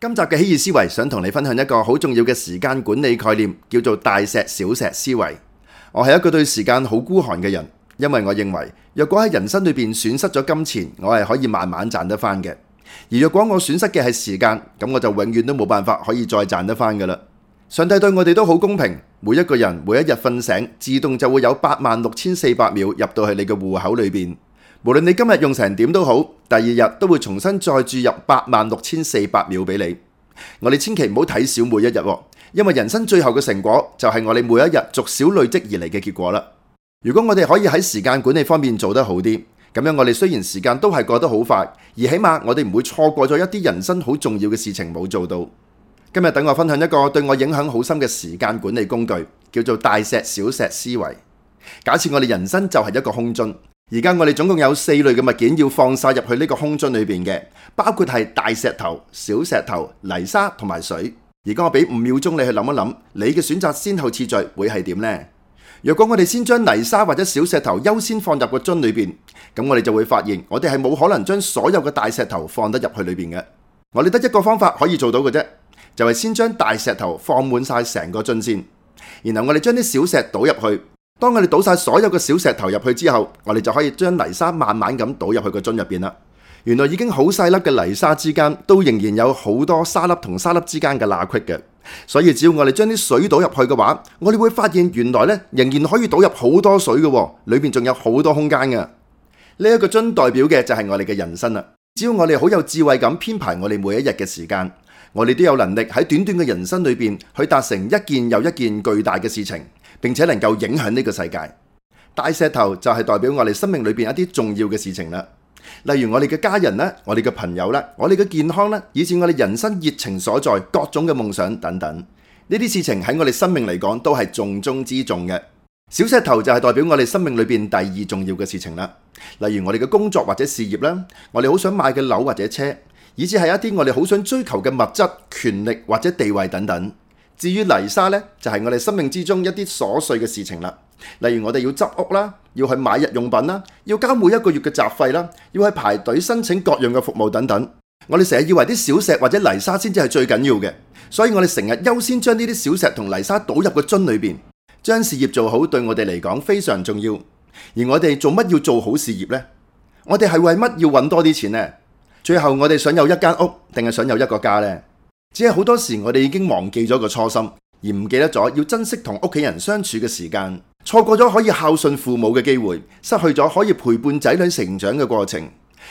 今集嘅希爾思維，想同你分享一個好重要嘅時間管理概念，叫做大石小石思維。我係一個對時間好孤寒嘅人，因為我認為，若果喺人生裏邊損失咗金錢，我係可以慢慢賺得翻嘅；而若果我損失嘅係時間，咁我就永遠都冇辦法可以再賺得翻㗎喇。上帝對我哋都好公平，每一個人每一日瞓醒，自動就會有八萬六千四百秒入到去你嘅戶口裏邊。無論你今日用成點都好，第二日都會重新再注入八萬六千四百秒俾你。我哋千祈唔好睇少每一日，因為人生最後嘅成果就係我哋每一日逐少累積而嚟嘅結果啦。如果我哋可以喺時間管理方面做得好啲，咁樣我哋雖然時間都係過得好快，而起碼我哋唔會錯過咗一啲人生好重要嘅事情冇做到。今日等我分享一個對我影響好深嘅時間管理工具，叫做大石小石思維。假設我哋人生就係一個空樽。而家我哋總共有四類嘅物件要放晒入去呢個空樽裏邊嘅，包括係大石頭、小石頭、泥沙同埋水。而家我俾五秒鐘你去諗一諗，你嘅選擇先後次序會係點呢？若果我哋先將泥沙或者小石頭優先放入個樽裏邊，咁我哋就會發現，我哋係冇可能將所有嘅大石頭放得入去裏邊嘅。我哋得一個方法可以做到嘅啫，就係先將大石頭放滿晒成個樽先，然後我哋將啲小石倒入去。當我哋倒晒所有嘅小石頭入去之後，我哋就可以將泥沙慢慢咁倒入去個樽入邊啦。原來已經好細粒嘅泥沙之間，都仍然有好多沙粒同沙粒之間嘅罅隙嘅。所以只要我哋將啲水倒入去嘅話，我哋會發現原來呢仍然可以倒入好多水嘅，裏面仲有好多空間嘅。呢、這、一個樽代表嘅就係我哋嘅人生啦。只要我哋好有智慧咁編排我哋每一日嘅時間，我哋都有能力喺短短嘅人生裏邊去達成一件又一件巨大嘅事情。並且能夠影響呢個世界，大石頭就係代表我哋生命裏邊一啲重要嘅事情啦，例如我哋嘅家人啦，我哋嘅朋友啦，我哋嘅健康啦，以至我哋人生熱情所在、各種嘅夢想等等，呢啲事情喺我哋生命嚟講都係重中之重嘅。小石頭就係代表我哋生命裏邊第二重要嘅事情啦，例如我哋嘅工作或者事業啦，我哋好想買嘅樓或者車，以至係一啲我哋好想追求嘅物質、權力或者地位等等。至於泥沙咧，就係我哋生命之中一啲瑣碎嘅事情啦。例如我哋要執屋啦，要去買日用品啦，要交每一個月嘅雜費啦，要去排隊申請各樣嘅服務等等。我哋成日以為啲小石或者泥沙先至係最緊要嘅，所以我哋成日優先將呢啲小石同泥沙倒入個樽裏邊。將事業做好對我哋嚟講非常重要。而我哋做乜要做好事業呢？我哋係為乜要揾多啲錢呢？最後我哋想有一間屋定係想有一個家呢？只係好多時，我哋已經忘記咗個初心，而唔記得咗要珍惜同屋企人相處嘅時間，錯過咗可以孝順父母嘅機會，失去咗可以陪伴仔女成長嘅過程，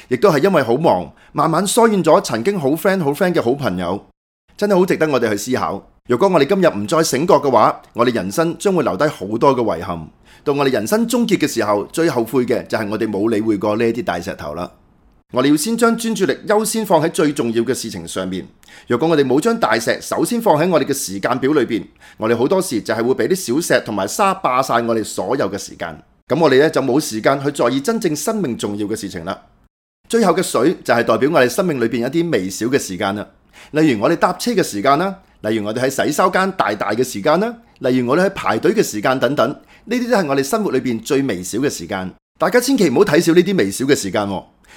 亦都係因為好忙，慢慢疏遠咗曾經好 friend 好 friend 嘅好朋友，真係好值得我哋去思考。如果我哋今日唔再醒覺嘅話，我哋人生將會留低好多嘅遺憾，到我哋人生終結嘅時候，最後悔嘅就係我哋冇理會過呢啲大石頭啦。我哋要先將專注力優先放喺最重要嘅事情上面。若果我哋冇將大石首先放喺我哋嘅時間表裏邊，我哋好多時就係會俾啲小石同埋沙霸晒我哋所有嘅時間。咁我哋咧就冇時間去在意真正生命重要嘅事情啦。最後嘅水就係代表我哋生命裏邊一啲微小嘅時間啦。例如我哋搭車嘅時間啦，例如我哋喺洗手間大大嘅時間啦，例如我哋喺排隊嘅時間等等。呢啲都係我哋生活裏邊最微小嘅時間。大家千祈唔好睇少呢啲微小嘅時間。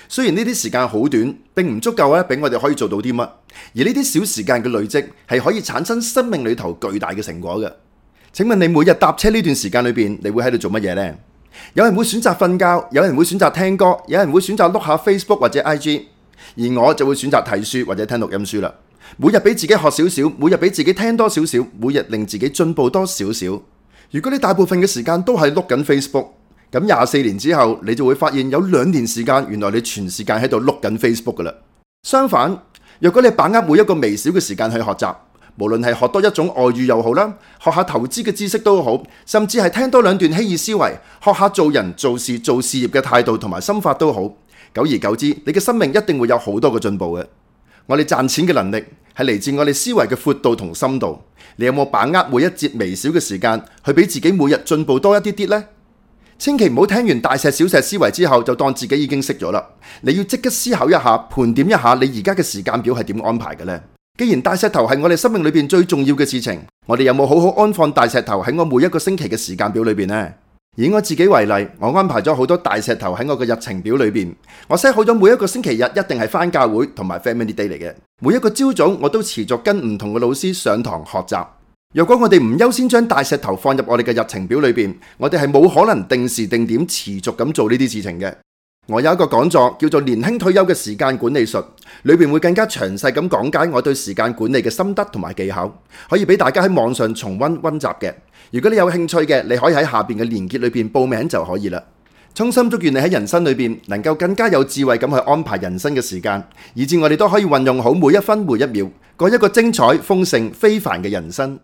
雖然呢啲時間好短，並唔足夠咧，俾我哋可以做到啲乜。而呢啲小時間嘅累積，係可以產生生命裏頭巨大嘅成果嘅。請問你每日搭車呢段時間裏邊，你會喺度做乜嘢呢？有人會選擇瞓覺，有人會選擇聽歌，有人會選擇碌下 Facebook 或者 IG，而我就會選擇睇書或者聽錄音書啦。每日俾自己學少少，每日俾自己聽多少少，每日令自己進步多少少。如果你大部分嘅時間都係碌緊 Facebook。咁廿四年之後，你就會發現有兩年時間，原來你全時間喺度碌緊 Facebook 噶啦。相反，若果你把握每一個微小嘅時間去學習，無論係學多一種外語又好啦，學下投資嘅知識都好，甚至係聽多兩段希爾思維，學下做人做事做事業嘅態度同埋心法都好。久而久之，你嘅生命一定會有好多嘅進步嘅。我哋賺錢嘅能力係嚟自我哋思維嘅闊度同深度。你有冇把握每一節微小嘅時間去俾自己每日進步多一啲啲呢？千祈唔好聽完大石小石思維之後就當自己已經識咗啦！你要即刻思考一下，盤點一下你而家嘅時間表係點安排嘅呢？既然大石頭係我哋生命裏邊最重要嘅事情，我哋有冇好好安放大石頭喺我每一個星期嘅時間表裏邊呢？以我自己為例，我安排咗好多大石頭喺我嘅日程表裏邊，我寫好咗每一個星期日一定係返教會同埋 Family Day 嚟嘅，每一個朝早我都持續跟唔同嘅老師上堂學習。如果我哋唔優先將大石頭放入我哋嘅日程表裏邊，我哋係冇可能定時定點持續咁做呢啲事情嘅。我有一個講座叫做《年輕退休嘅時間管理術》，裏邊會更加詳細咁講解我對時間管理嘅心得同埋技巧，可以俾大家喺網上重温温習嘅。如果你有興趣嘅，你可以喺下邊嘅連結裏邊報名就可以啦。衷心祝願你喺人生裏邊能夠更加有智慧咁去安排人生嘅時間，以至我哋都可以運用好每一分每一秒，過一個精彩豐盛非凡嘅人生。